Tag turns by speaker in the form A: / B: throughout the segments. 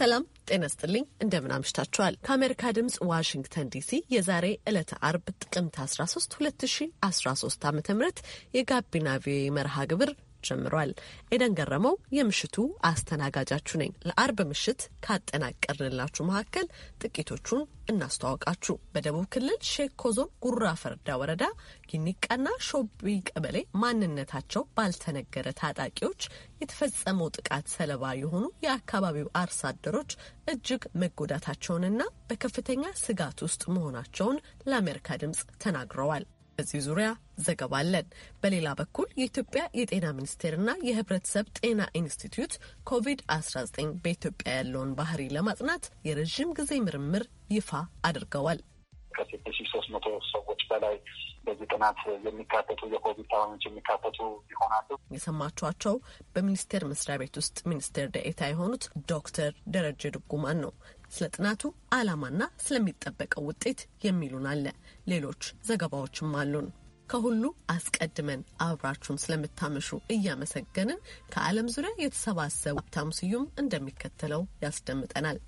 A: ሰላም ጤና ስጥልኝ። እንደምን አምሽታችኋል። ከአሜሪካ ድምፅ ዋሽንግተን ዲሲ የዛሬ ዕለተ አርብ ጥቅምት 13 2013 ዓ ም የጋቢና ቪኦኤ መርሃ ግብር ጀምሯል። ኤደን ገረመው የምሽቱ አስተናጋጃችሁ ነኝ። ለአርብ ምሽት ካጠናቀርንላችሁ መካከል ጥቂቶቹን እናስተዋውቃችሁ። በደቡብ ክልል ሼኮ ዞን ጉራ ፈርዳ ወረዳ ጊኒቃና ሾቢ ቀበሌ ማንነታቸው ባልተነገረ ታጣቂዎች የተፈጸመው ጥቃት ሰለባ የሆኑ የአካባቢው አርሶ አደሮች እጅግ መጎዳታቸውንና በከፍተኛ ስጋት ውስጥ መሆናቸውን ለአሜሪካ ድምጽ ተናግረዋል። በዚህ ዙሪያ ዘገባ አለን። በሌላ በኩል የኢትዮጵያ የጤና ሚኒስቴርና የህብረተሰብ ጤና ኢንስቲትዩት ኮቪድ-19 በኢትዮጵያ ያለውን ባህሪ ለማጥናት የረዥም ጊዜ ምርምር ይፋ አድርገዋል። ከሴት
B: ሶስት መቶ ሰዎች በላይ በዚህ ጥናት የሚካተቱ የኮቪድ ታማሚዎች የሚካተቱ ይሆናሉ።
A: የሰማችኋቸው በሚኒስቴር መስሪያ ቤት ውስጥ ሚኒስቴር ደኤታ የሆኑት ዶክተር ደረጀ ድጉማን ነው። ስለ ጥናቱ ዓላማና ስለሚጠበቀው ውጤት የሚሉን አለ ሌሎች ዘገባዎችም አሉን። ከሁሉ አስቀድመን አብራችሁን ስለምታመሹ እያመሰገንን ከዓለም ዙሪያ የተሰባሰቡ ሀብታሙ ስዩም እንደሚከተለው ያስደምጠናል።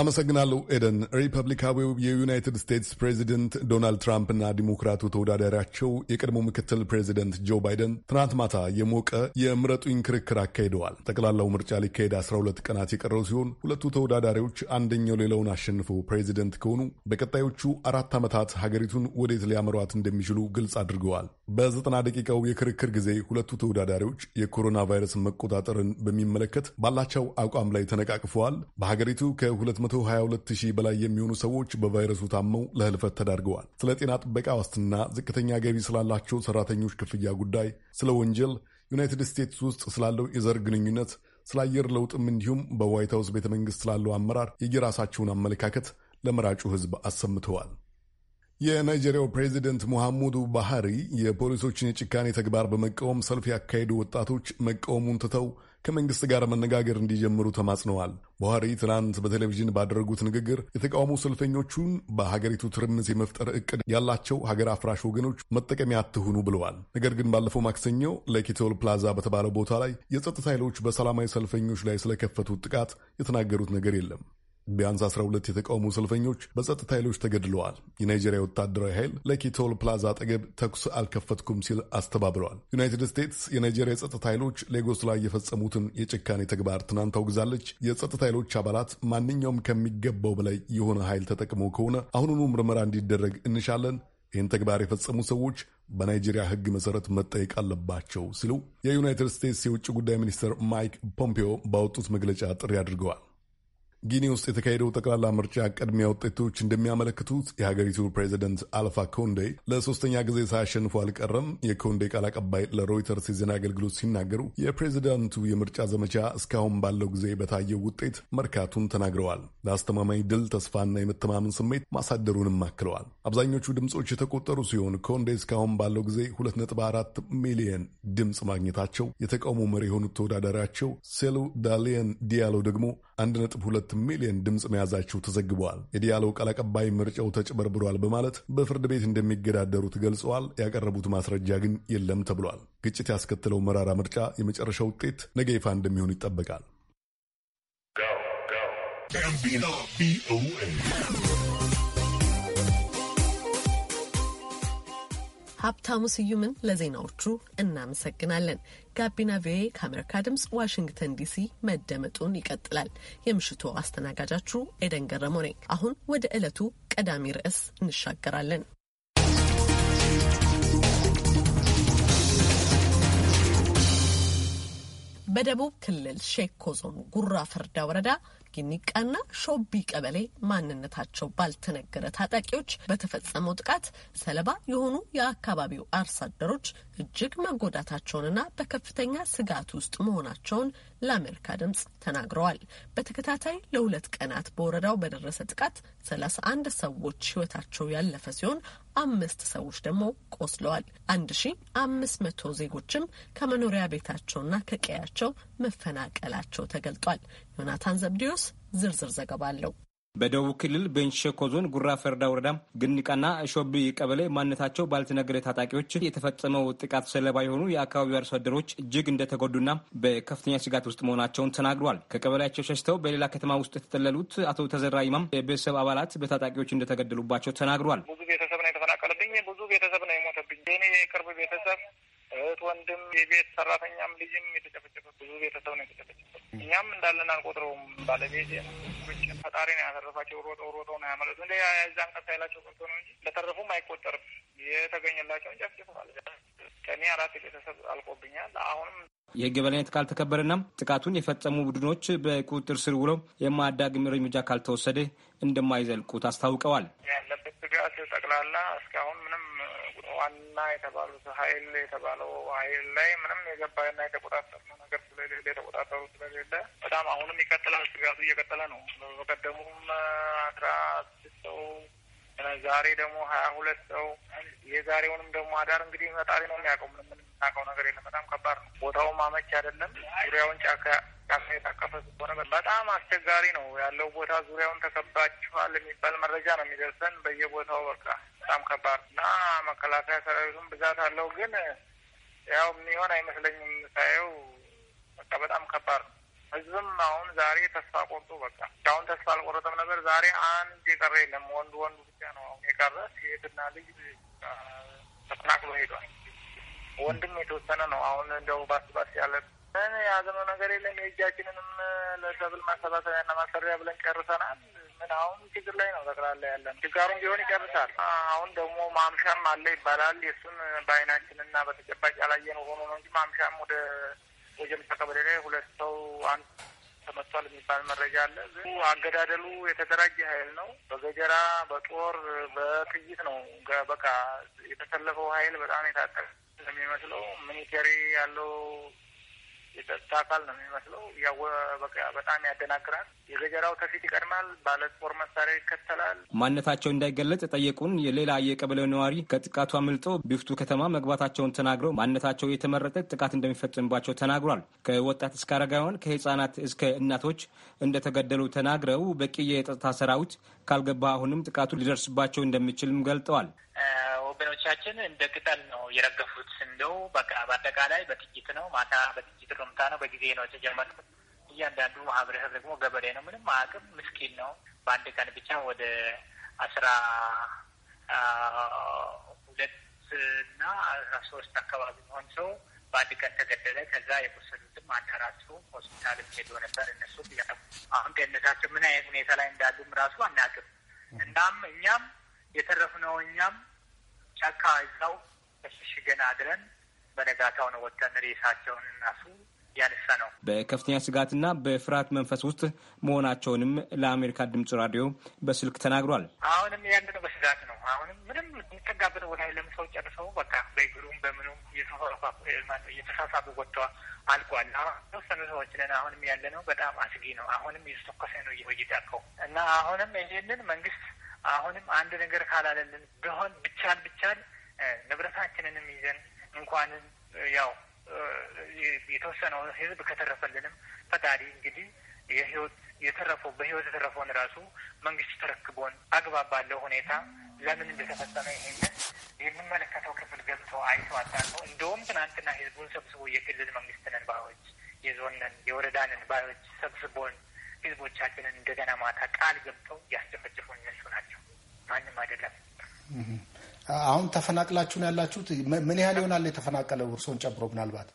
C: አመሰግናለሁ ኤደን። ሪፐብሊካዊው የዩናይትድ ስቴትስ ፕሬዚደንት ዶናልድ እና ዲሞክራቱ ተወዳዳሪያቸው የቀድሞ ምክትል ፕሬዚደንት ጆ ባይደን ትናንት ማታ የሞቀ የምረጡኝ ክርክር አካሂደዋል። ጠቅላላው ምርጫ ሊካሄድ 12 ቀናት የቀረው ሲሆን ሁለቱ ተወዳዳሪዎች አንደኛው ሌላውን አሸንፈው ፕሬዚደንት ከሆኑ በቀጣዮቹ አራት ዓመታት ሀገሪቱን ወዴት ሊያመሯት እንደሚችሉ ግልጽ አድርገዋል። በዘጠና ደቂቃው የክርክር ጊዜ ሁለቱ ተወዳዳሪዎች የኮሮና ቫይረስ መቆጣጠርን በሚመለከት ባላቸው አቋም ላይ ተነቃቅፈዋል። በሀገሪቱ ከ2 ከ 122 በላይ የሚሆኑ ሰዎች በቫይረሱ ታመው ለህልፈት ተዳርገዋል። ስለ ጤና ጥበቃ ዋስትና፣ ዝቅተኛ ገቢ ስላላቸው ሰራተኞች ክፍያ ጉዳይ፣ ስለ ወንጀል፣ ዩናይትድ ስቴትስ ውስጥ ስላለው የዘር ግንኙነት፣ ስለ አየር ለውጥም እንዲሁም በዋይት ሀውስ ቤተ ስላለው አመራር የየራሳቸውን አመለካከት ለመራጩ ህዝብ አሰምተዋል። የናይጄሪያው ፕሬዚደንት ሙሐሙዱ ባህሪ የፖሊሶችን የጭካኔ ተግባር በመቃወም ሰልፍ ያካሄዱ ወጣቶች መቃወሙን ትተው ከመንግስት ጋር መነጋገር እንዲጀምሩ ተማጽነዋል። ቡሃሪ ትናንት በቴሌቪዥን ባደረጉት ንግግር የተቃውሞ ሰልፈኞቹን በሀገሪቱ ትርምስ የመፍጠር እቅድ ያላቸው ሀገር አፍራሽ ወገኖች መጠቀሚያ አትሁኑ ብለዋል። ነገር ግን ባለፈው ማክሰኞ ለኪቶል ፕላዛ በተባለው ቦታ ላይ የጸጥታ ኃይሎች በሰላማዊ ሰልፈኞች ላይ ስለከፈቱት ጥቃት የተናገሩት ነገር የለም። ቢያንስ 12 የተቃውሞ ሰልፈኞች በጸጥታ ኃይሎች ተገድለዋል። የናይጄሪያ ወታደራዊ ኃይል ለኪቶል ፕላዛ አጠገብ ተኩስ አልከፈትኩም ሲል አስተባብለዋል። ዩናይትድ ስቴትስ የናይጄሪያ የጸጥታ ኃይሎች ሌጎስ ላይ የፈጸሙትን የጭካኔ ተግባር ትናንት አውግዛለች። የጸጥታ ኃይሎች አባላት ማንኛውም ከሚገባው በላይ የሆነ ኃይል ተጠቅሞ ከሆነ አሁኑኑ ምርመራ እንዲደረግ እንሻለን ይህን ተግባር የፈጸሙ ሰዎች በናይጄሪያ ሕግ መሠረት መጠየቅ አለባቸው ሲሉ የዩናይትድ ስቴትስ የውጭ ጉዳይ ሚኒስትር ማይክ ፖምፔዮ ባወጡት መግለጫ ጥሪ አድርገዋል። ጊኒ ውስጥ የተካሄደው ጠቅላላ ምርጫ ቅድሚያ ውጤቶች እንደሚያመለክቱት የሀገሪቱ ፕሬዚደንት አልፋ ኮንዴ ለሶስተኛ ጊዜ ሳያሸንፉ አልቀረም። የኮንዴ ቃል አቀባይ ለሮይተርስ የዜና አገልግሎት ሲናገሩ የፕሬዚዳንቱ የምርጫ ዘመቻ እስካሁን ባለው ጊዜ በታየው ውጤት መርካቱን ተናግረዋል። ለአስተማማኝ ድል ተስፋና የመተማመን ስሜት ማሳደሩንም አክለዋል። አብዛኞቹ ድምፆች የተቆጠሩ ሲሆን ኮንዴ እስካሁን ባለው ጊዜ 2.4 ሚሊየን ድምፅ ማግኘታቸው የተቃውሞ መሪ የሆኑት ተወዳዳሪያቸው ሴሉ ዳሊየን ዲያሎ ደግሞ 1.2 ሚሊዮን ድምፅ መያዛቸው ተዘግበዋል። የዲያሎ ቃል አቀባይ ምርጫው ተጭበርብሯል በማለት በፍርድ ቤት እንደሚገዳደሩት ገልጸዋል። ያቀረቡት ማስረጃ ግን የለም ተብሏል። ግጭት ያስከተለው መራራ ምርጫ የመጨረሻ ውጤት ነገ ይፋ እንደሚሆን ይጠበቃል።
A: ሀብታሙ ስዩምን ለዜናዎቹ እናመሰግናለን። ጋቢና ቪኦኤ ከአሜሪካ ድምፅ ዋሽንግተን ዲሲ መደመጡን ይቀጥላል። የምሽቱ አስተናጋጃችሁ ኤደን ገረሞ ነኝ። አሁን ወደ ዕለቱ ቀዳሚ ርዕስ እንሻገራለን። በደቡብ ክልል ሼኮ ዞን ጉራ ፈርዳ ወረዳ ጊኒቃና ሾቢ ቀበሌ ማንነታቸው ባልተነገረ ታጣቂዎች በተፈጸመው ጥቃት ሰለባ የሆኑ የአካባቢው አርሶ አደሮች እጅግ መጎዳታቸውንና በከፍተኛ ስጋት ውስጥ መሆናቸውን ለአሜሪካ ድምጽ ተናግረዋል። በተከታታይ ለሁለት ቀናት በወረዳው በደረሰ ጥቃት ሰላሳ አንድ ሰዎች ህይወታቸው ያለፈ ሲሆን አምስት ሰዎች ደግሞ ቆስለዋል። አንድ ሺ አምስት መቶ ዜጎችም ከመኖሪያ ቤታቸውና ከቀያቸው መፈናቀላቸው ተገልጧል። ዮናታን ዘብዲዮስ ዝርዝር ዘገባ አለው።
D: በደቡብ ክልል ቤንች ሸኮ ዞን ጉራ ፈርዳ ወረዳ ግንቃና ሾቢ ቀበሌ ማንነታቸው ባልተነገረ ታጣቂዎች የተፈጸመው ጥቃት ሰለባ የሆኑ የአካባቢው አርሶ አደሮች እጅግ እንደተጎዱና በከፍተኛ ስጋት ውስጥ መሆናቸውን ተናግሯል። ከቀበሌያቸው ሸሽተው በሌላ ከተማ ውስጥ የተጠለሉት አቶ ተዘራ ይማም የቤተሰብ አባላት በታጣቂዎች እንደተገደሉባቸው ተናግሯል። ብዙ ቤተሰብ ነው
E: የተፈናቀለብኝ። ብዙ ቤተሰብ ነው የሞተብኝ። የቅርብ ቤተሰብ የእህት ወንድም፣ የቤት ሰራተኛም ልጅም የተጨፈጨፈ ብዙ ቤተሰብ ነው የተጨፈጨፈ። እኛም እንዳለን አልቆጥረውም። ባለቤት ፈጣሪ ነው ያተረፋቸው። ሮጠው ሮጠው ነው ያመለጡ። እንደ ያዛን ቀሳ ያላቸው ቀርቶ ነው እንጂ ለተረፉም አይቆጠርም። የተገኘላቸውን ጨፍጭፈዋል። ከኔ አራት ቤተሰብ አልቆብኛል።
D: አሁንም የህግ የበላይነት ካልተከበረና ጥቃቱን የፈጸሙ ቡድኖች በቁጥጥር ስር ውለው የማዳግም እርምጃ ካልተወሰደ እንደማይዘልቁት አስታውቀዋል።
E: ያለበት ስጋት ጠቅላላ እስካሁን ላ የተባሉት ሀይል የተባለው ሀይል ላይ ምንም የገባና የተቆጣጠርነው ነገር ስለሌለ የተቆጣጠሩ ስለሌለ በጣም አሁንም ይቀጥላል። ስጋቱ እየቀጠለ ነው። በቀደሙም አስራ ስድስት ሰው ዛሬ ደግሞ ሀያ ሁለት ሰው የዛሬውንም ደግሞ አዳር እንግዲህ ፈጣሪ ነው የሚያውቀው። ምንም የምናውቀው ነገር የለም። በጣም ከባድ ነው። ቦታውም አመች አይደለም። ዙሪያውን ጫካ ጫካ የታቀፈ ስለሆነ በጣም አስቸጋሪ ነው ያለው ቦታ። ዙሪያውን ተከባችኋል የሚባል መረጃ ነው የሚደርሰን በየቦታው። በቃ በጣም ከባድ እና መከላከያ ሰራዊቱም ብዛት አለው፣ ግን ያው የሚሆን አይመስለኝም ሳየው። በቃ በጣም ከባድ ነው። ህዝብም አሁን ዛሬ ተስፋ ቆርጦ በቃ አሁን ተስፋ አልቆረጠም ነበር። ዛሬ አንድ የቀረ የለም። ወንዱ ወንዱ ብቻ ነው አሁን የቀረ። ሴትና ልጅ ተፈናቅሎ ሄዷል። ወንድም የተወሰነ ነው። አሁን እንደው ባስ ባስ ያለ ምን የያዝነው ነገር የለም። የእጃችንንም ለሰብል ማሰባሰቢያና ማሰሪያ ብለን ጨርሰናል። ምን አሁን ችግር ላይ ነው ጠቅላላ ያለን። ችጋሩም ቢሆን ይጨርሳል። አሁን ደግሞ ማምሻም አለ ይባላል። የእሱን በአይናችንና በተጨባጭ አላየን ሆኖ ነው እንጂ ማምሻም ወደ ወጀምሳ ቀበሌ ላይ ሁለት ሰው አንድ ተመቷል የሚባል መረጃ አለ። አገዳደሉ የተደራጀ ኃይል ነው። በገጀራ በጦር በጥይት ነው። በቃ የተሰለፈው ኃይል በጣም የታጠቀ የሚመስለው ሚኒቴሪ ያለው የጸጥታ አካል ነው የሚመስለው። ያወ
D: በቃ በጣም ያደናግራል። የገጀራው ተፊት ይቀድማል። ባለ ጦር መሳሪያ ይከተላል። ማንነታቸው እንዳይገለጽ የጠየቁን የሌላ የቀበሌው ነዋሪ ከጥቃቱ አምልጦ ቢፍቱ ከተማ መግባታቸውን ተናግረው ማንነታቸው የተመረጠ ጥቃት እንደሚፈጽምባቸው ተናግሯል። ከወጣት እስከ አረጋውያን ከህጻናት እስከ እናቶች እንደተገደሉ ተናግረው በቂ የጸጥታ ሰራዊት ካልገባ አሁንም ጥቃቱ ሊደርስባቸው እንደሚችልም ገልጠዋል።
F: ወገኖቻችን እንደ ቅጠል ነው የረገፉት። እንደው በቃ በአጠቃላይ በጥይት ነው ማታ በጥይት ሩምታ ነው በጊዜ ነው የተጀመረው። እያንዳንዱ ማህበረሰብ ደግሞ ገበሬ ነው፣ ምንም አቅም ምስኪን ነው። በአንድ ቀን ብቻ ወደ አስራ ሁለት እና አስራ ሶስት አካባቢ ሆን ሰው በአንድ ቀን ተገደለ። ከዛ የቆሰሉትም አንድ አራቱ ሆስፒታል ሄዶ ነበር። እነሱ አሁን ጤንነታቸው ምን አይነት ሁኔታ ላይ እንዳሉም ራሱ አናውቅም። እናም እኛም የተረፍነው እኛም ጫካ እዛው ተሸሽገን አድረን በነጋታው ነው ወጥተን ሬሳቸውን እናሱ ያነሳ ነው።
D: በከፍተኛ ስጋትና በፍርሃት መንፈስ ውስጥ መሆናቸውንም ለአሜሪካ ድምጽ ራዲዮ በስልክ ተናግሯል።
F: አሁንም ያለነው በስጋት ነው። አሁንም ምንም የሚጠጋበት ቦታ የለም። ሰው ጨርሰው በቃ በእግሩም በምኑም እየተሳሳቡ ወጥተዋል። አልቋል። ተወሰኑ ሰዎች ነን። አሁንም ያለነው በጣም አስጊ ነው። አሁንም እየተተኮሰ ነው እየወይዳከው እና አሁንም ይህንን መንግስት አሁንም አንድ ነገር ካላለልን ቢሆን ብቻን ብቻል ንብረታችንንም ይዘን እንኳንም ያው የተወሰነው ህዝብ ከተረፈልንም ፈጣሪ እንግዲህ የህይወት የተረፈው በህይወት የተረፈውን ራሱ መንግስት ተረክቦን አግባብ ባለው ሁኔታ ለምን እንደተፈጸመ ይሄንን የሚመለከተው ክፍል ገብቶ አይቶ አጣቶ እንደውም ትናንትና ህዝቡን ሰብስቦ የክልል መንግስትነን ነን ባዮች፣ የዞን ነን፣ ባዮች ሰብስቦን ህዝቦቻችንን እንደገና ማታ ቃል ገብተው ያስጨፈጨፉ እነሱ ናቸው፣ ማንም አይደለም።
E: አሁን ተፈናቅላችሁ ነው ያላችሁት? ምን ያህል ይሆናል የተፈናቀለው እርስዎን ጨምሮ ምናልባት?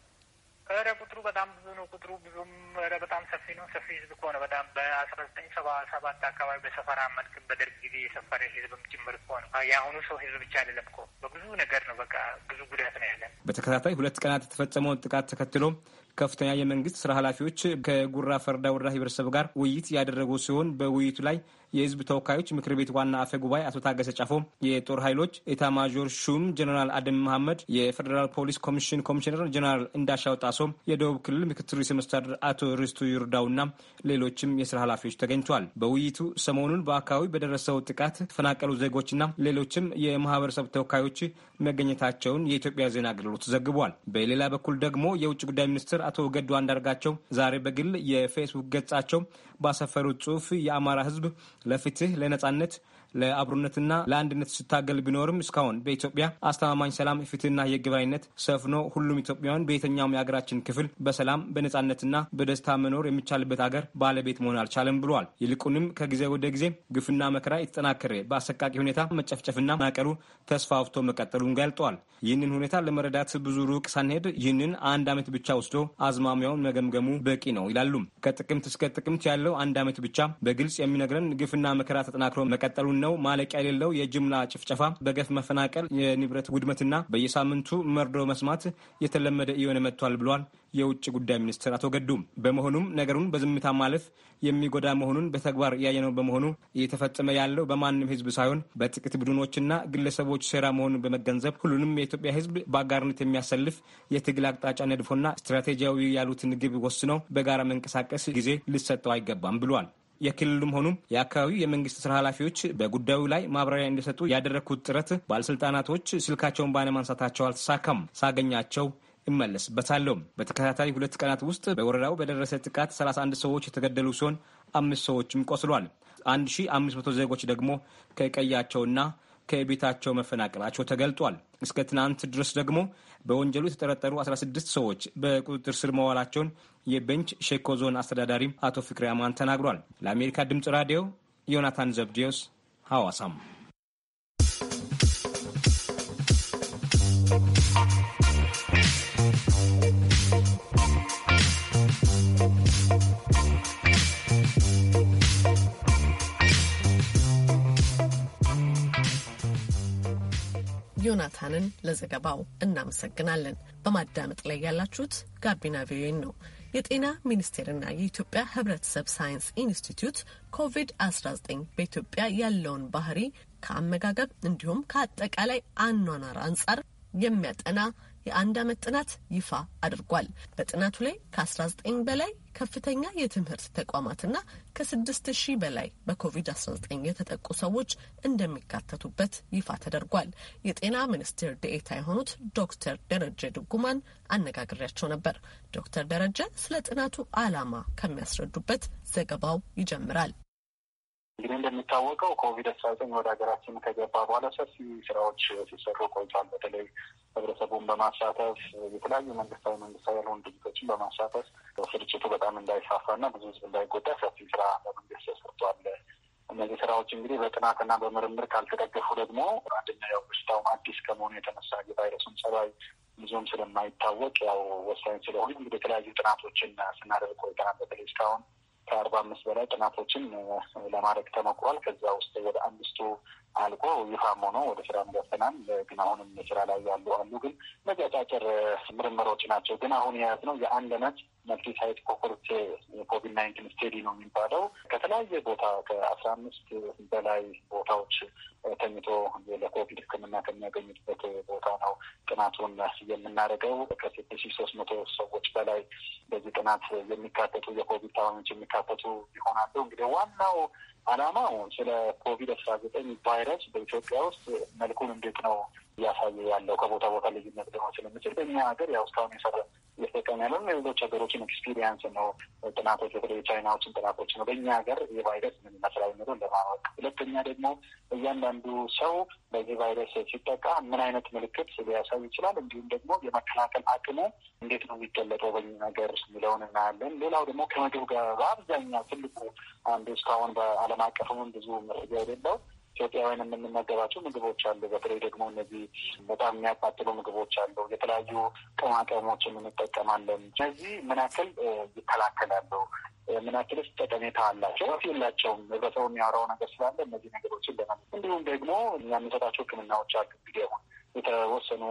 E: ኧረ ቁጥሩ በጣም ብዙ
F: ነው። ቁጥሩ ብዙም ኧረ በጣም ሰፊ ነው። ሰፊ ህዝብ ከሆነ በጣም በአስራ ዘጠኝ ሰባ ሰባት አካባቢ በሰፈራ መልክ በደርግ ጊዜ የሰፈረ
D: ህዝብም ጭምር ከሆነ የአሁኑ ሰው ህዝብ ብቻ አይደለም እኮ በብዙ ነገር ነው። በቃ ብዙ ጉዳት ነው ያለን። በተከታታይ ሁለት ቀናት የተፈጸመውን ጥቃት ተከትሎ ከፍተኛ የመንግስት ስራ ኃላፊዎች ከጉራ ፈርዳ ወረዳ ህብረተሰብ ጋር ውይይት ያደረጉ ሲሆን በውይይቱ ላይ የህዝብ ተወካዮች ምክር ቤት ዋና አፈ ጉባኤ አቶ ታገሰ ጫፎ፣ የጦር ኃይሎች ማጆር ሹም ጀነራል አደም መሐመድ፣ የፌዴራል ፖሊስ ኮሚሽን ኮሚሽነር ጀነራል እንዳሻው ጣሶ፣ የደቡብ ክልል ምክትል ርዕሰ መስተዳድር አቶ ርስቱ ይርዳውና ሌሎችም የስራ ኃላፊዎች ተገኝተዋል። በውይይቱ ሰሞኑን በአካባቢ በደረሰው ጥቃት የተፈናቀሉ ዜጎችና ሌሎችም የማህበረሰብ ተወካዮች መገኘታቸውን የኢትዮጵያ ዜና አገልግሎት ዘግቧል። በሌላ በኩል ደግሞ የውጭ ጉዳይ ሚኒስትር አቶ ገዱ አንዳርጋቸው ዛሬ በግል የፌስቡክ ገጻቸው ባሰፈሩት ጽሁፍ የአማራ ህዝብ ለፍትህ ለነጻነት ለአብሮነትና ለአንድነት ስታገል ቢኖርም እስካሁን በኢትዮጵያ አስተማማኝ ሰላም፣ ፍትህና የግባይነት ሰፍኖ ሁሉም ኢትዮጵያውያን በየትኛውም የሀገራችን ክፍል በሰላም በነጻነትና በደስታ መኖር የሚቻልበት ሀገር ባለቤት መሆን አልቻለም ብሏል። ይልቁንም ከጊዜ ወደ ጊዜ ግፍና መከራ የተጠናከረ በአሰቃቂ ሁኔታ መጨፍጨፍና ማቀሉ ተስፋፍቶ መቀጠሉን ገልጧል። ይህንን ሁኔታ ለመረዳት ብዙ ሩቅ ሳንሄድ ይህንን አንድ ዓመት ብቻ ወስዶ አዝማሚያውን መገምገሙ በቂ ነው ይላሉም። ከጥቅምት እስከ ጥቅምት ያለው አንድ ዓመት ብቻ በግልጽ የሚነግረን ግፍና መከራ ተጠናክሮ መቀጠሉን ነው ማለቂያ የሌለው የጅምላ ጭፍጨፋ፣ በገፍ መፈናቀል፣ የንብረት ውድመትና በየሳምንቱ መርዶ መስማት የተለመደ እየሆነ መጥቷል ብሏል የውጭ ጉዳይ ሚኒስትር አቶ ገዱ። በመሆኑም ነገሩን በዝምታ ማለፍ የሚጎዳ መሆኑን በተግባር ያየነው በመሆኑ እየተፈጸመ ያለው በማንም ሕዝብ ሳይሆን በጥቂት ቡድኖችና ግለሰቦች ሴራ መሆኑን በመገንዘብ ሁሉንም የኢትዮጵያ ሕዝብ በአጋርነት የሚያሰልፍ የትግል አቅጣጫ ነድፎና ስትራቴጂያዊ ያሉትን ግብ ወስነው በጋራ መንቀሳቀስ ጊዜ ሊሰጠው አይገባም ብሏል። የክልሉም ሆኑም የአካባቢው የመንግስት ስራ ኃላፊዎች በጉዳዩ ላይ ማብራሪያ እንዲሰጡ ያደረግኩት ጥረት ባለስልጣናቶች ስልካቸውን ባለማንሳታቸው አልተሳካም። ሳገኛቸው እመለስበታለሁ። በተከታታይ ሁለት ቀናት ውስጥ በወረዳው በደረሰ ጥቃት 31 ሰዎች የተገደሉ ሲሆን አምስት ሰዎችም ቆስሏል። 1500 ዜጎች ደግሞ ከቀያቸውና ከቤታቸው መፈናቀላቸው ተገልጧል። እስከ ትናንት ድረስ ደግሞ በወንጀሉ የተጠረጠሩ 16 ሰዎች በቁጥጥር ስር መዋላቸውን የቤንች ሼኮ ዞን አስተዳዳሪም አቶ ፍቅሬ አማን ተናግሯል። ለአሜሪካ ድምጽ ራዲዮ ዮናታን ዘብዲዮስ ሐዋሳም
A: ዮናታንን ለዘገባው እናመሰግናለን። በማዳመጥ ላይ ያላችሁት ጋቢና ቪዮኤን ነው። የጤና ሚኒስቴርና የኢትዮጵያ ሕብረተሰብ ሳይንስ ኢንስቲትዩት ኮቪድ-19 በኢትዮጵያ ያለውን ባህሪ ከአመጋገብ እንዲሁም ከአጠቃላይ አኗኗር አንጻር የሚያጠና የአንድ ዓመት ጥናት ይፋ አድርጓል። በጥናቱ ላይ ከ19 በላይ ከፍተኛ የትምህርት ተቋማትና ከ 6000 በላይ በኮቪድ-19 የተጠቁ ሰዎች እንደሚካተቱበት ይፋ ተደርጓል። የጤና ሚኒስቴር ዴኤታ የሆኑት ዶክተር ደረጀ ድጉማን አነጋግሬያቸው ነበር። ዶክተር ደረጀ ስለ ጥናቱ ዓላማ ከሚያስረዱበት ዘገባው ይጀምራል።
B: እንግዲህ እንደሚታወቀው ኮቪድ አስራ ዘጠኝ ወደ ሀገራችን ከገባ በኋላ ሰፊ ስራዎች ሲሰሩ ቆይቷል። በተለይ ህብረተሰቡን በማሳተፍ የተለያዩ መንግስታዊ፣ መንግስታዊ ያልሆኑ ድርጅቶችን በማሳተፍ ስርጭቱ በጣም እንዳይፋፋና ብዙ ህዝብ እንዳይጎዳ ሰፊ ስራ በመንግስት ተሰርቷል። እነዚህ ስራዎች እንግዲህ በጥናትና በምርምር ካልተደገፉ ደግሞ አንደኛ ያው በሽታውም አዲስ ከመሆኑ የተነሳ የቫይረሱን ጸባይ ብዙም ስለማይታወቅ ያው ወሳኝ ስለሆነ እንግዲህ የተለያዩ ጥናቶችን ስናደርግ ቆይተናል። በተለይ እስካሁን ከአርባ አምስት በላይ ጥናቶችን ለማድረግ ተሞክሯል። ከዛ ውስጥ ወደ አምስቱ አልቆ ይፋም ሆኖ ወደ ስራ ገብተናል። ግን አሁንም ስራ ላይ ያሉ አሉ። ግን እነዚህ ምርምሮች ናቸው። ግን አሁን የያዝነው የአንድ አመት መልቲ ሳይት ኮኮርት የኮቪድ ናይንቲን ስቴዲ ነው የሚባለው ከተለያየ ቦታ ከአስራ አምስት በላይ ቦታዎች ተኝቶ ለኮቪድ ሕክምና ከሚያገኙበት ቦታ ነው ጥናቱን የምናደርገው። ከስድስት ሺህ ሶስት መቶ ሰዎች በላይ በዚህ ጥናት የሚካተቱ የኮቪድ ታማሚዎች የሚካተቱ ይሆናሉ። እንግዲህ ዋናው አላማው ስለ ኮቪድ አስራ ዘጠኝ ቫይረስ በኢትዮጵያ ውስጥ መልኩን እንዴት ነው እያሳየ ያለው ከቦታ ቦታ ልዩነት ሊሆን ስለምችል በእኛ ሀገር ያው እስካሁን የሰራ እየተጠቀም ያለው ሌሎች ሀገሮችን ኤክስፒሪየንስ ነው። ጥናቶች በተለይ ቻይናዎችን ጥናቶች ነው በእኛ ሀገር ይህ ቫይረስ ምን ይመስላል የሚለውን ለማወቅ ሁለተኛ ደግሞ እያንዳንዱ ሰው በዚህ ቫይረስ ሲጠቃ ምን አይነት ምልክት ሊያሳይ ይችላል፣ እንዲሁም ደግሞ የመከላከል አቅሙ እንዴት ነው የሚገለጠው በዚህ ነገር የሚለውን እናያለን። ሌላው ደግሞ ከምግብ ጋር በአብዛኛው ትልቁ አንዱ እስካሁን በዓለም አቀፍም ብዙ መረጃ የሌለው ኢትዮጵያውያን የምንመገባቸው ምግቦች አሉ። በተለይ ደግሞ እነዚህ በጣም የሚያቃጥሉ ምግቦች አሉ። የተለያዩ ቅማቅሞችን እንጠቀማለን። እነዚህ ምን ያክል ይከላከላሉ? ምን ያክልስ ጠቀሜታ አላቸው? ፍ የላቸውም። ህብረተሰቡ የሚያወራው ነገር ስላለ እነዚህ ነገሮችን ለመ እንዲሁም ደግሞ የምንሰጣቸው ህክምናዎች አሉ እንግዲህ የተወሰኑ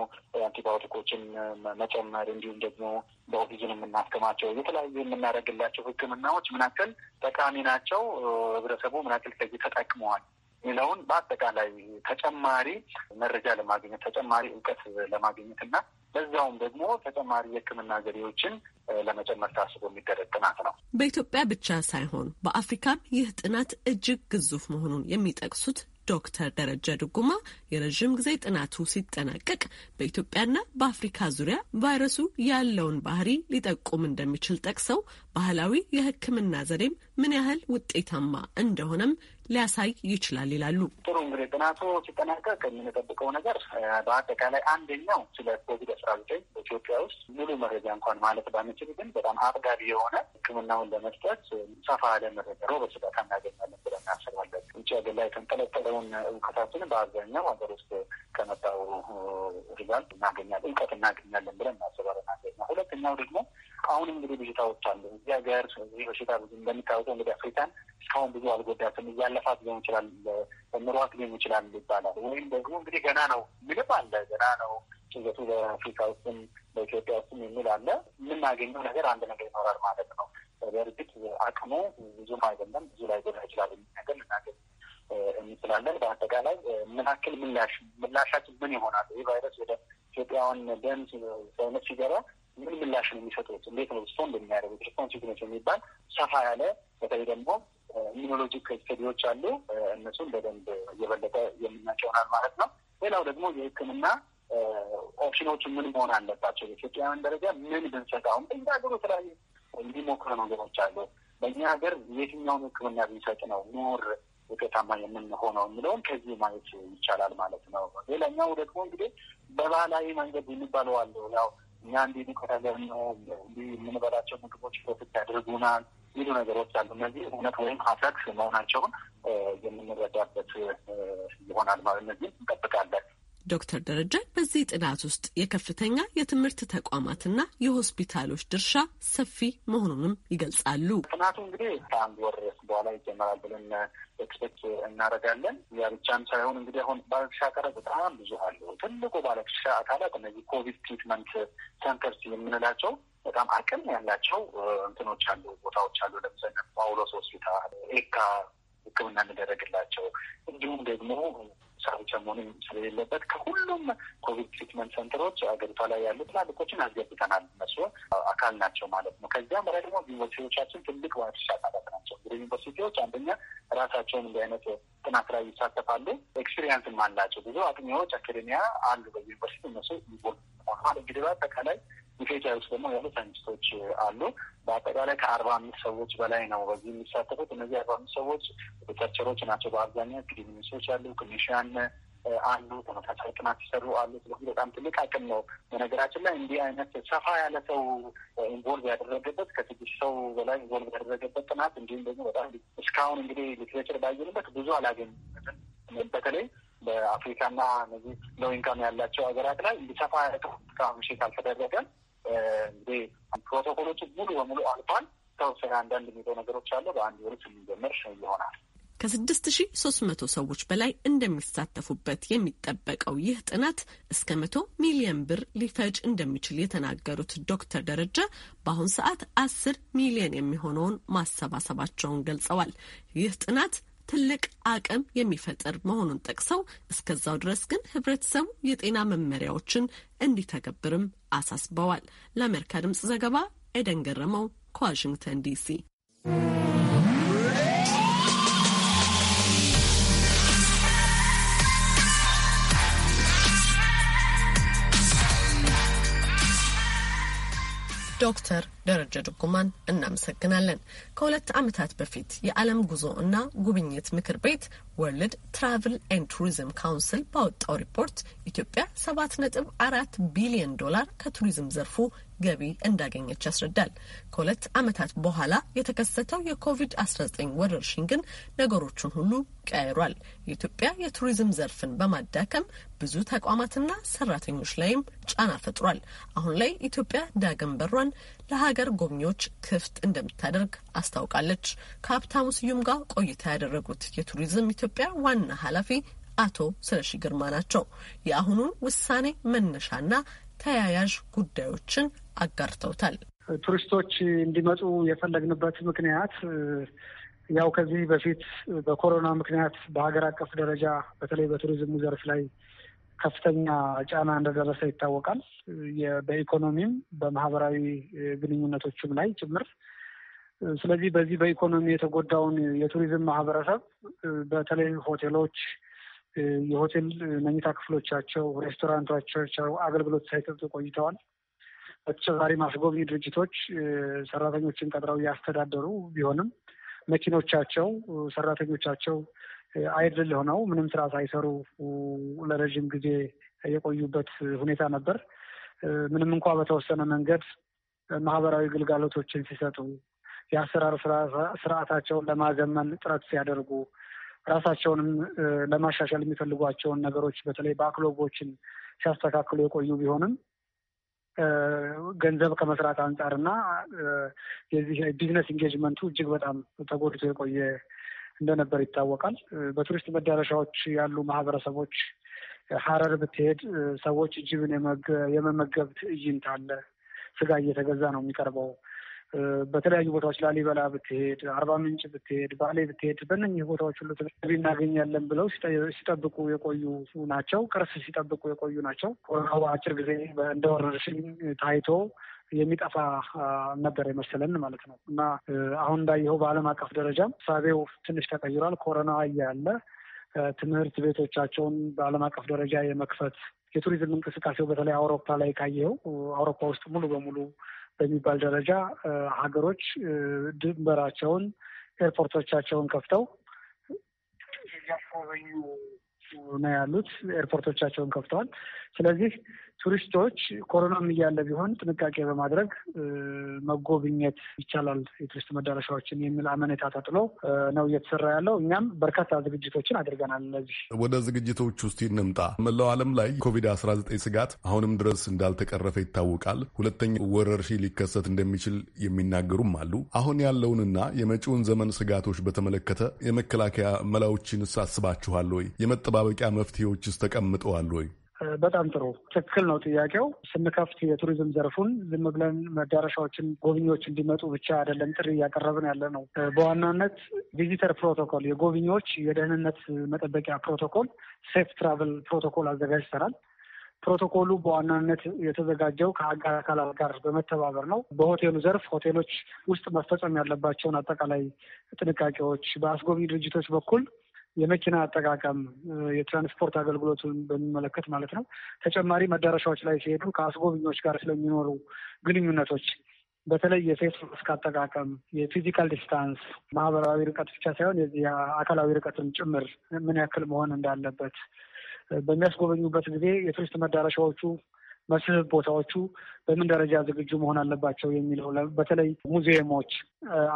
B: አንቲባዮቲኮችን መጨመር እንዲሁም ደግሞ በኦክሲጅን የምናስከማቸው የተለያዩ የምናደርግላቸው ህክምናዎች ምን ያክል ጠቃሚ ናቸው? ህብረተሰቡ ምን ያክል ከዚህ ተጠቅመዋል? የሚለውን በአጠቃላይ ተጨማሪ መረጃ ለማግኘት ተጨማሪ እውቀት ለማግኘት እና በዚያውም ደግሞ ተጨማሪ የሕክምና ዘዴዎችን ለመጨመር ታስቦ የሚደረግ ጥናት ነው።
A: በኢትዮጵያ ብቻ ሳይሆን በአፍሪካም ይህ ጥናት እጅግ ግዙፍ መሆኑን የሚጠቅሱት ዶክተር ደረጀ ድጉማ የረዥም ጊዜ ጥናቱ ሲጠናቀቅ በኢትዮጵያና በአፍሪካ ዙሪያ ቫይረሱ ያለውን ባህሪ ሊጠቁም እንደሚችል ጠቅሰው ባህላዊ የሕክምና ዘዴም ምን ያህል ውጤታማ እንደሆነም ሊያሳይ ይችላል ይላሉ።
B: ጥሩ እንግዲህ ጥናቱ ሲጠናቀቅ የምንጠብቀው ነገር በአጠቃላይ አንደኛው ስለ ኮቪድ አስራ ዘጠኝ በኢትዮጵያ ውስጥ ሙሉ መረጃ እንኳን ማለት ባንችል፣ ግን በጣም አጥጋቢ የሆነ ሕክምናውን ለመስጠት ሰፋ ያለ መረጃ ሮበስ በቃ እናገኛለን ብለን እናስባለን። ውጭ ሀገር ላይ የተንጠለጠለውን እውቀታችን በአብዛኛው ሀገር ውስጥ ከመጣው ሪዛልት እናገኛለን እውቀት እናገኛለን ብለን እናስባለን። አንደኛ ሁለተኛው ደግሞ አሁንም እንግዲህ ብዥታዎች አሉ። እዚህ ሀገር እዚህ በሽታ ብዙ እንደሚታወቀው እንግዲህ አፍሪካን እስካሁን ብዙ አልጎዳትም፣ እያለፋት ሊሆን ይችላል፣ ምሯት ሊሆን ይችላል ይባላል። ወይም ደግሞ እንግዲህ ገና ነው ምልም አለ ገና ነው ጭንገቱ በአፍሪካ ውስጥም በኢትዮጵያ ውስጥም የሚል አለ። የምናገኘው ነገር አንድ ነገር ይኖራል ማለት ነው። በእርግጥ አቅሙ ብዙም አይደለም፣ ብዙ ላይ ጎዳ ይችላል የሚል ነገር ልናገኝ እንችላለን። በአጠቃላይ ምን ምናክል ምላሽ ምላሻችን ምን ይሆናል? ይህ ቫይረስ ወደ ኢትዮጵያውን ደም ሰውነት ሲገባ ምን ምላሽ ነው የሚሰጡት? እንዴት ነው ስቶ እንደሚያደርጉት? ሪስፖንሲብነት የሚባል ሰፋ ያለ በተለይ ደግሞ ኢሚኖሎጂ ስተዲዎች አሉ። እነሱን በደንብ እየበለጠ የምናውቀው ይሆናል ማለት ነው። ሌላው ደግሞ የሕክምና ኦፕሽኖቹ ምን መሆን አለባቸው? በኢትዮጵያውያን ደረጃ ምን ብንሰጣውም አሁን በኛ ሀገሩ የተለያዩ እንዲሞክረ ነገሮች አሉ። በእኛ ሀገር የትኛውን ሕክምና ብንሰጥ ነው ኖር ውጤታማ የምንሆነው የሚለውን ከዚህ ማየት ይቻላል ማለት ነው። ሌላኛው ደግሞ እንግዲህ በባህላዊ መንገድ የሚባለው አለው ያው እኛ እንዲ እንቆታለን ነው እንዲ የምንበላቸው ምግቦች ፕሮፊት ያደርጉናል ሚሉ ነገሮች አሉ። እነዚህ እውነት ወይም ሀሰት መሆናቸውን የምንረዳበት ይሆናል ማለት እነዚህ እንጠብቃለን።
A: ዶክተር ደረጃ በዚህ ጥናት ውስጥ የከፍተኛ የትምህርት ተቋማትና የሆስፒታሎች ድርሻ ሰፊ መሆኑንም ይገልጻሉ። ጥናቱ እንግዲህ
B: ከአንድ ወር በኋላ ይጀመራል ብለን ኤክስፔክት እናደርጋለን። ያ ብቻም ሳይሆን እንግዲህ አሁን ባለድርሻ አካላት በጣም ብዙ አሉ። ትልቁ ባለድርሻ አካላት እነዚህ ኮቪድ ትሪትመንት ሰንተርስ የምንላቸው በጣም አቅም ያላቸው እንትኖች አሉ፣ ቦታዎች አሉ። ለምሳሌ ጳውሎስ ሆስፒታል፣ ኤካ ሕክምና እንደረግላቸው እንዲሁም ደግሞ ብቻ መሆኑ ስለሌለበት ከሁሉም ኮቪድ ትሪትመንት ሴንተሮች አገሪቷ ላይ ያሉ ትላልቆችን አስገብተናል። እነሱ አካል ናቸው ማለት ነው። ከዚያም በላይ ደግሞ ዩኒቨርሲቲዎቻችን ትልቅ ባለድርሻ አካላት ናቸው። እንግዲህ ዩኒቨርሲቲዎች አንደኛ ራሳቸውን እንዲህ አይነት ጥናት ላይ ይሳተፋሉ። ኤክስፒሪየንስም አላቸው። ብዙ አጥኚዎች አካዴሚያ አሉ በዩኒቨርሲቲ እነሱ ይቦል እንግዲህ በአጠቃላይ ኢትዮጵያ ውስጥ ደግሞ ያሉ አንስቶች አሉ። በአጠቃላይ ከአርባ አምስት ሰዎች በላይ ነው በዚህ የሚሳተፉት። እነዚህ አርባ አምስት ሰዎች ሪሰርቸሮች ናቸው። በአብዛኛው ክሊኒሲስቶች አሉ፣ ክሊኒሽያን አሉ፣ ተመሳሳይ ጥናት ሲሰሩ አሉ። ስለዚህ በጣም ትልቅ አቅም ነው። በነገራችን ላይ እንዲህ አይነት ሰፋ ያለ ሰው ኢንቮልቭ ያደረገበት ከስድስት ሰው በላይ ኢንቮልቭ ያደረገበት ጥናት እንዲሁም ደግሞ በጣም እስካሁን እንግዲህ ሊትሬቸር ባየንበት ብዙ አላገኝ በተለይ በአፍሪካና እነዚህ ሎው ኢንካም ያላቸው ሀገራት ላይ እንዲሰፋ ያለ እስካሁን ምሽት አልተደረገም። እንግዲህ ፕሮቶኮሎቹ ሙሉ በሙሉ አልፏል። ተወሰነ አንዳንድ የሚለው ነገሮች አለ። በአንድ ወሮች የሚጀምር ይሆናል።
A: ከስድስት ሺህ ሶስት መቶ ሰዎች በላይ እንደሚሳተፉበት የሚጠበቀው ይህ ጥናት እስከ መቶ ሚሊየን ብር ሊፈጅ እንደሚችል የተናገሩት ዶክተር ደረጀ በአሁን ሰዓት አስር ሚሊየን የሚሆነውን ማሰባሰባቸውን ገልጸዋል። ይህ ጥናት ትልቅ አቅም የሚፈጥር መሆኑን ጠቅሰው እስከዛው ድረስ ግን ህብረተሰቡ የጤና መመሪያዎችን እንዲተገብርም አሳስበዋል። ለአሜሪካ ድምጽ ዘገባ ኤደን ገረመው ከዋሽንግተን ዲሲ ዶክተር ደረጀ ድጉማን እናመሰግናለን። ከሁለት ዓመታት በፊት የዓለም ጉዞ እና ጉብኝት ምክር ቤት ወርልድ ትራቭል ኤንድ ቱሪዝም ካውንስል ባወጣው ሪፖርት ኢትዮጵያ ሰባት ነጥብ አራት ቢሊዮን ዶላር ከቱሪዝም ዘርፉ ገቢ እንዳገኘች ያስረዳል። ከሁለት ዓመታት በኋላ የተከሰተው የኮቪድ-19 ወረርሽኝ ግን ነገሮችን ሁሉ ቀይሯል። የኢትዮጵያ የቱሪዝም ዘርፍን በማዳከም ብዙ ተቋማትና ሰራተኞች ላይም ጫና ፈጥሯል። አሁን ላይ ኢትዮጵያ ዳግም በሯን ለሀገር ጎብኚዎች ክፍት እንደምታደርግ አስታውቃለች። ከሀብታሙ ስዩም ጋር ቆይታ ያደረጉት የቱሪዝም ኢትዮጵያ ዋና ኃላፊ አቶ ስለሺ ግርማ ናቸው። የአሁኑን ውሳኔ መነሻና ተያያዥ ጉዳዮችን አጋርተውታል። ቱሪስቶች እንዲመጡ የፈለግንበት ምክንያት
G: ያው ከዚህ በፊት በኮሮና ምክንያት በሀገር አቀፍ ደረጃ በተለይ በቱሪዝሙ ዘርፍ ላይ ከፍተኛ ጫና እንደደረሰ ይታወቃል። በኢኮኖሚም በማህበራዊ ግንኙነቶችም ላይ ጭምር። ስለዚህ በዚህ በኢኮኖሚ የተጎዳውን የቱሪዝም ማህበረሰብ በተለይ ሆቴሎች፣ የሆቴል መኝታ ክፍሎቻቸው፣ ሬስቶራንቶቻቸው አገልግሎት ሳይሰጡ ቆይተዋል። በተጨማሪ ማስጎብኝ ድርጅቶች ሰራተኞችን ቀጥረው እያስተዳደሩ ቢሆንም መኪኖቻቸው ሰራተኞቻቸው አይድል ሆነው ምንም ስራ ሳይሰሩ ለረዥም ጊዜ የቆዩበት ሁኔታ ነበር። ምንም እንኳ በተወሰነ መንገድ ማህበራዊ ግልጋሎቶችን ሲሰጡ የአሰራር ስርዓታቸውን ለማዘመን ጥረት ሲያደርጉ ራሳቸውንም ለማሻሻል የሚፈልጓቸውን ነገሮች በተለይ ባክሎጎችን ሲያስተካክሉ የቆዩ ቢሆንም ገንዘብ ከመስራት አንጻርና የዚህ ቢዝነስ ኢንጌጅመንቱ እጅግ በጣም ተጎድቶ የቆየ እንደነበር ይታወቃል። በቱሪስት መዳረሻዎች ያሉ ማህበረሰቦች ሀረር ብትሄድ ሰዎች እጅብን የመመገብ ትዕይንት አለ። ስጋ እየተገዛ ነው የሚቀርበው። በተለያዩ ቦታዎች ላሊበላ ብትሄድ፣ አርባ ምንጭ ብትሄድ፣ ባሌ ብትሄድ በእነኚህ ቦታዎች ሁሉ ትምህርት እናገኛለን ብለው ሲጠብቁ የቆዩ ናቸው። ቅርስ ሲጠብቁ የቆዩ ናቸው። ቆራው አጭር ጊዜ እንደ ወረርሽኝ ታይቶ የሚጠፋ ነበር የመሰለን ማለት ነው። እና አሁን እንዳየኸው በዓለም አቀፍ ደረጃም ሳቤው ትንሽ ተቀይሯል። ኮረና እያለ ትምህርት ቤቶቻቸውን በዓለም አቀፍ ደረጃ የመክፈት የቱሪዝም እንቅስቃሴው በተለይ አውሮፓ ላይ ካየኸው አውሮፓ ውስጥ ሙሉ በሙሉ በሚባል ደረጃ ሀገሮች ድንበራቸውን፣ ኤርፖርቶቻቸውን ከፍተው እያስጎበኙ ነው ያሉት። ኤርፖርቶቻቸውን ከፍተዋል። ስለዚህ ቱሪስቶች ኮሮናም እያለ ቢሆን ጥንቃቄ በማድረግ መጎብኘት ይቻላል የቱሪስት መዳረሻዎችን የሚል አመኔታ ተጥሎ ነው እየተሰራ ያለው። እኛም በርካታ ዝግጅቶችን አድርገናል። እነዚህ
C: ወደ ዝግጅቶች ውስጥ እንምጣ። መላው ዓለም ላይ ኮቪድ አስራ ዘጠኝ ስጋት አሁንም ድረስ እንዳልተቀረፈ ይታወቃል። ሁለተኛ ወረርሽኝ ሊከሰት እንደሚችል የሚናገሩም አሉ። አሁን ያለውንና የመጪውን ዘመን ስጋቶች በተመለከተ የመከላከያ መላዎችን አስባችኋል ወይ? የመጠባበቂያ መፍትሄዎችስ ተቀምጠዋል ወይ?
G: በጣም ጥሩ ትክክል ነው ጥያቄው። ስንከፍት የቱሪዝም ዘርፉን ዝም ብለን መዳረሻዎችን ጎብኚዎች እንዲመጡ ብቻ አይደለም ጥሪ እያቀረብን ያለ ነው። በዋናነት ቪዚተር ፕሮቶኮል የጎብኚዎች የደህንነት መጠበቂያ ፕሮቶኮል ሴፍ ትራቨል ፕሮቶኮል አዘጋጅተናል። ፕሮቶኮሉ በዋናነት የተዘጋጀው ከአጋር አካላት ጋር በመተባበር ነው። በሆቴሉ ዘርፍ ሆቴሎች ውስጥ መፈጸም ያለባቸውን አጠቃላይ ጥንቃቄዎች፣ በአስጎብኝ ድርጅቶች በኩል የመኪና አጠቃቀም የትራንስፖርት አገልግሎትን በሚመለከት ማለት ነው። ተጨማሪ መዳረሻዎች ላይ ሲሄዱ ከአስጎብኞች ጋር ስለሚኖሩ ግንኙነቶች በተለይ የፌስ ማስክ አጠቃቀም፣ የፊዚካል ዲስታንስ ማህበራዊ ርቀት ብቻ ሳይሆን የዚህ አካላዊ ርቀትን ጭምር ምን ያክል መሆን እንዳለበት በሚያስጎበኙበት ጊዜ የቱሪስት መዳረሻዎቹ መስህብ ቦታዎቹ በምን ደረጃ ዝግጁ መሆን አለባቸው የሚለው በተለይ ሙዚየሞች፣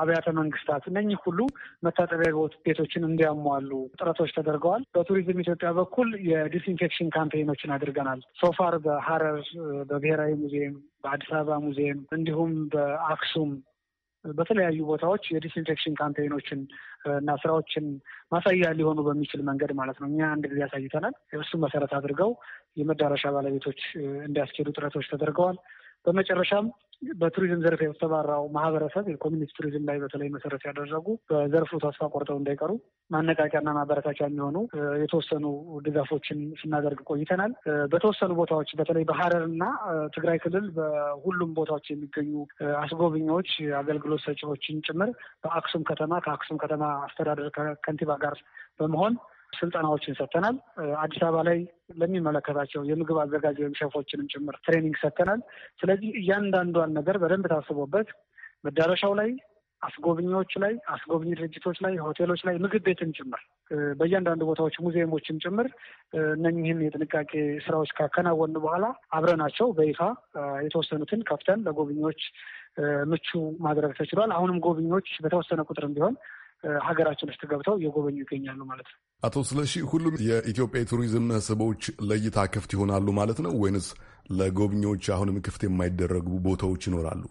G: አብያተ መንግስታት እነኚህ ሁሉ መታጠቢያ ቤቶችን እንዲያሟሉ ጥረቶች ተደርገዋል። በቱሪዝም ኢትዮጵያ በኩል የዲስኢንፌክሽን ካምፔኖችን አድርገናል። ሶፋር በሀረር በብሔራዊ ሙዚየም፣ በአዲስ አበባ ሙዚየም እንዲሁም በአክሱም በተለያዩ ቦታዎች የዲስኢንፌክሽን ካምፔኖችን እና ስራዎችን ማሳያ ሊሆኑ በሚችል መንገድ ማለት ነው። እኛ አንድ ጊዜ ያሳይተናል። እሱን መሰረት አድርገው የመዳረሻ ባለቤቶች እንዲያስኬዱ ጥረቶች ተደርገዋል። በመጨረሻም በቱሪዝም ዘርፍ የተሰማራው ማህበረሰብ የኮሚኒቲ ቱሪዝም ላይ በተለይ መሰረት ያደረጉ በዘርፉ ተስፋ ቆርጠው እንዳይቀሩ ማነቃቂያና ማበረታቻ የሚሆኑ የተወሰኑ ድጋፎችን ስናደርግ ቆይተናል። በተወሰኑ ቦታዎች በተለይ በሀረር እና ትግራይ ክልል በሁሉም ቦታዎች የሚገኙ አስጎብኚዎች፣ አገልግሎት ሰጪዎችን ጭምር በአክሱም ከተማ ከአክሱም ከተማ አስተዳደር ከንቲባ ጋር በመሆን ስልጠናዎችን ሰጥተናል። አዲስ አበባ ላይ ለሚመለከታቸው የምግብ አዘጋጅ ወይም ሸፎችንም ጭምር ትሬኒንግ ሰጥተናል። ስለዚህ እያንዳንዷን ነገር በደንብ ታስቦበት መዳረሻው ላይ አስጎብኚዎች ላይ አስጎብኚ ድርጅቶች ላይ ሆቴሎች ላይ ምግብ ቤትም ጭምር በእያንዳንዱ ቦታዎች ሙዚየሞችም ጭምር እነኝህን የጥንቃቄ ስራዎች ካከናወኑ በኋላ አብረናቸው በይፋ የተወሰኑትን ከፍተን ለጎብኚዎች ምቹ ማድረግ ተችሏል። አሁንም ጎብኚዎች በተወሰነ ቁጥርም ቢሆን ሀገራችን ውስጥ ገብተው እየጎበኙ ይገኛሉ ማለት ነው።
C: አቶ ስለሺ ሁሉም የኢትዮጵያ የቱሪዝም መስህቦች ለእይታ ክፍት ይሆናሉ ማለት ነው ወይንስ ለጎብኚዎች አሁንም ክፍት የማይደረጉ ቦታዎች ይኖራሉ?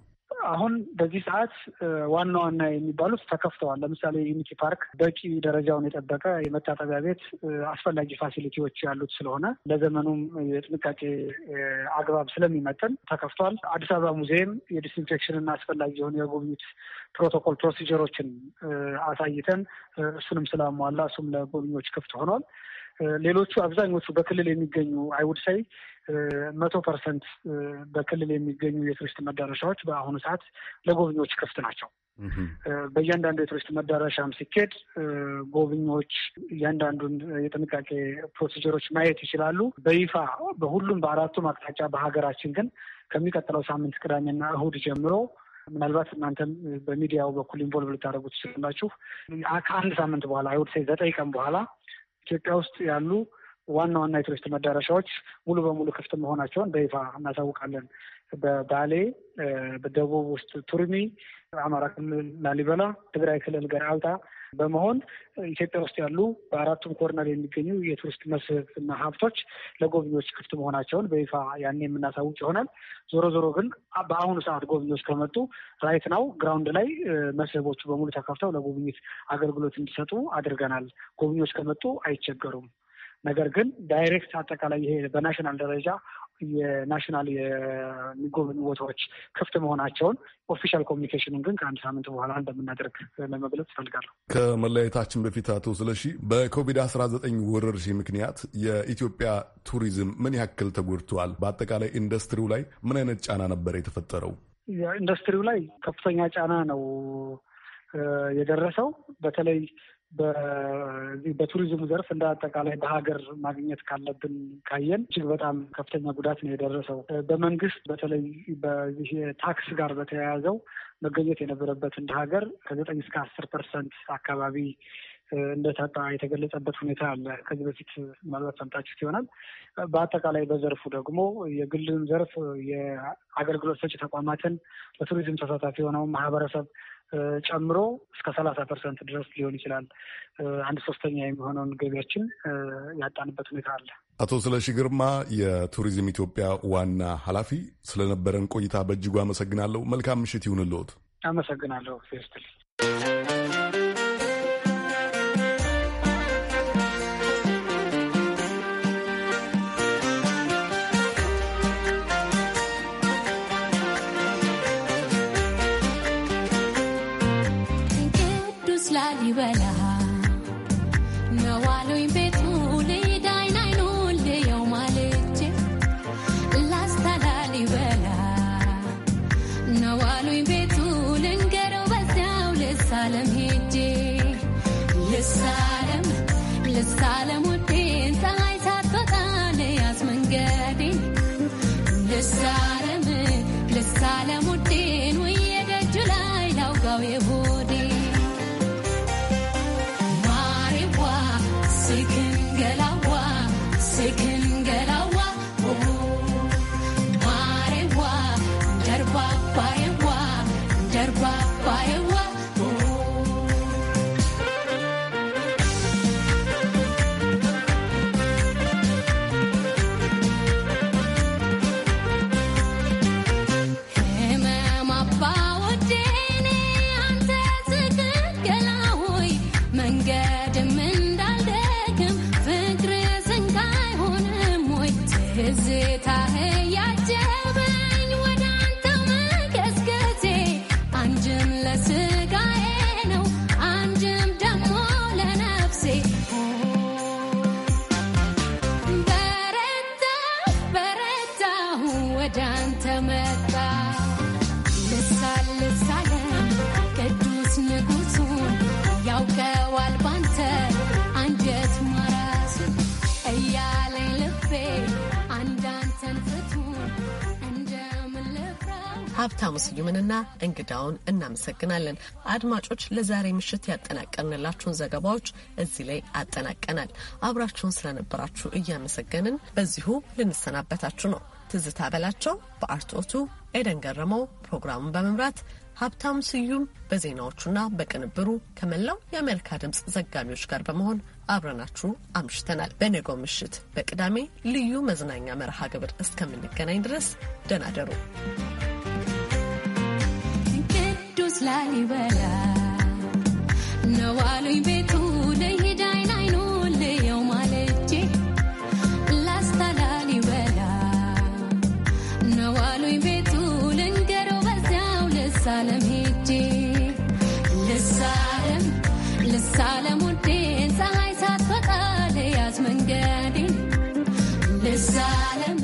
G: አሁን በዚህ ሰዓት ዋና ዋና የሚባሉት ተከፍተዋል። ለምሳሌ ዩኒቲ ፓርክ በቂ ደረጃውን የጠበቀ የመታጠቢያ ቤት አስፈላጊ ፋሲሊቲዎች ያሉት ስለሆነ ለዘመኑም የጥንቃቄ አግባብ ስለሚመጥን ተከፍቷል። አዲስ አበባ ሙዚየም የዲስኢንፌክሽንና አስፈላጊ የሆኑ የጉብኝት ፕሮቶኮል ፕሮሲጀሮችን አሳይተን እሱንም ስላሟላ እሱም ለጎብኚዎች ክፍት ሆኗል። ሌሎቹ አብዛኞቹ በክልል የሚገኙ አይውድ ሳይ መቶ ፐርሰንት በክልል የሚገኙ የቱሪስት መዳረሻዎች በአሁኑ ሰዓት ለጎብኚዎች ክፍት ናቸው። በእያንዳንዱ የቱሪስት መዳረሻም ሲኬድ ጎብኚዎች እያንዳንዱን የጥንቃቄ ፕሮሲጀሮች ማየት ይችላሉ። በይፋ በሁሉም በአራቱም አቅጣጫ በሀገራችን ግን ከሚቀጥለው ሳምንት ቅዳሜና እሁድ ጀምሮ ምናልባት እናንተም በሚዲያው በኩል ኢንቮልቭ ልታደርጉ ትችላላችሁ። ከአንድ ሳምንት በኋላ አይሁድ ዘጠኝ ቀን በኋላ ኢትዮጵያ ውስጥ ያሉ ዋና ዋና የቱሪስት መዳረሻዎች ሙሉ በሙሉ ክፍት መሆናቸውን በይፋ እናሳውቃለን። በባሌ፣ በደቡብ ውስጥ ቱርሚ፣ አማራ ክልል ላሊበላ፣ ትግራይ ክልል ገርአልታ በመሆን ኢትዮጵያ ውስጥ ያሉ በአራቱም ኮርነር የሚገኙ የቱሪስት መስህብና ሀብቶች ለጎብኚዎች ክፍት መሆናቸውን በይፋ ያን የምናሳውቅ ይሆናል። ዞሮ ዞሮ ግን በአሁኑ ሰዓት ጎብኚዎች ከመጡ ራይት ናው ግራውንድ ላይ መስህቦቹ በሙሉ ተከፍተው ለጉብኝት አገልግሎት እንዲሰጡ አድርገናል። ጎብኚዎች ከመጡ አይቸገሩም። ነገር ግን ዳይሬክት አጠቃላይ ይሄ በናሽናል ደረጃ የናሽናል የሚጎበኙ ቦታዎች ክፍት መሆናቸውን ኦፊሻል ኮሚኒኬሽኑን ግን ከአንድ ሳምንት በኋላ እንደምናደርግ ለመግለጽ
H: እፈልጋለሁ።
C: ከመለያየታችን በፊት አቶ ስለሺ በኮቪድ አስራ ዘጠኝ ወረርሽኝ ምክንያት የኢትዮጵያ ቱሪዝም ምን ያክል ተጎድቷል በአጠቃላይ ኢንዱስትሪው ላይ ምን አይነት ጫና ነበር የተፈጠረው?
G: ኢንዱስትሪው ላይ ከፍተኛ ጫና ነው የደረሰው። በተለይ በቱሪዝሙ ዘርፍ እንደ አጠቃላይ በሀገር ማግኘት ካለብን ካየን እጅግ በጣም ከፍተኛ ጉዳት ነው የደረሰው። በመንግስት በተለይ በዚህ ታክስ ጋር በተያያዘው መገኘት የነበረበት እንደ ሀገር ከዘጠኝ እስከ አስር ፐርሰንት አካባቢ እንደታጣ የተገለጸበት ሁኔታ አለ። ከዚህ በፊት ምናልባት ሰምታችሁት ይሆናል። በአጠቃላይ በዘርፉ ደግሞ የግልም ዘርፍ የአገልግሎት ሰጪ ተቋማትን በቱሪዝም ተሳታፊ የሆነውን ማህበረሰብ ጨምሮ እስከ ሰላሳ ፐርሰንት ድረስ ሊሆን ይችላል አንድ ሶስተኛ የሚሆነውን ገቢያችን ያጣንበት ሁኔታ
C: አለ። አቶ ስለሺ ግርማ የቱሪዝም ኢትዮጵያ ዋና ኃላፊ ስለነበረን ቆይታ በእጅጉ አመሰግናለሁ። መልካም ምሽት ይሁንልዎት።
G: አመሰግናለሁ ፌስትል
A: ስዩምንና እንግዳውን እናመሰግናለን። አድማጮች ለዛሬ ምሽት ያጠናቀርንላችሁን ዘገባዎች እዚህ ላይ አጠናቀናል። አብራችሁን ስለነበራችሁ እያመሰገንን በዚሁ ልንሰናበታችሁ ነው። ትዝታ በላቸው በአርቶቱ ኤደን ገረመው ፕሮግራሙን በመምራት ሀብታም ስዩም በዜናዎቹና በቅንብሩ ከመላው የአሜሪካ ድምፅ ዘጋቢዎች ጋር በመሆን አብረናችሁ አምሽተናል። በነገው ምሽት በቅዳሜ ልዩ መዝናኛ መርሃ ግብር እስከምንገናኝ ድረስ ደናደሩ። ላሊበላ
H: ነው ቤቱ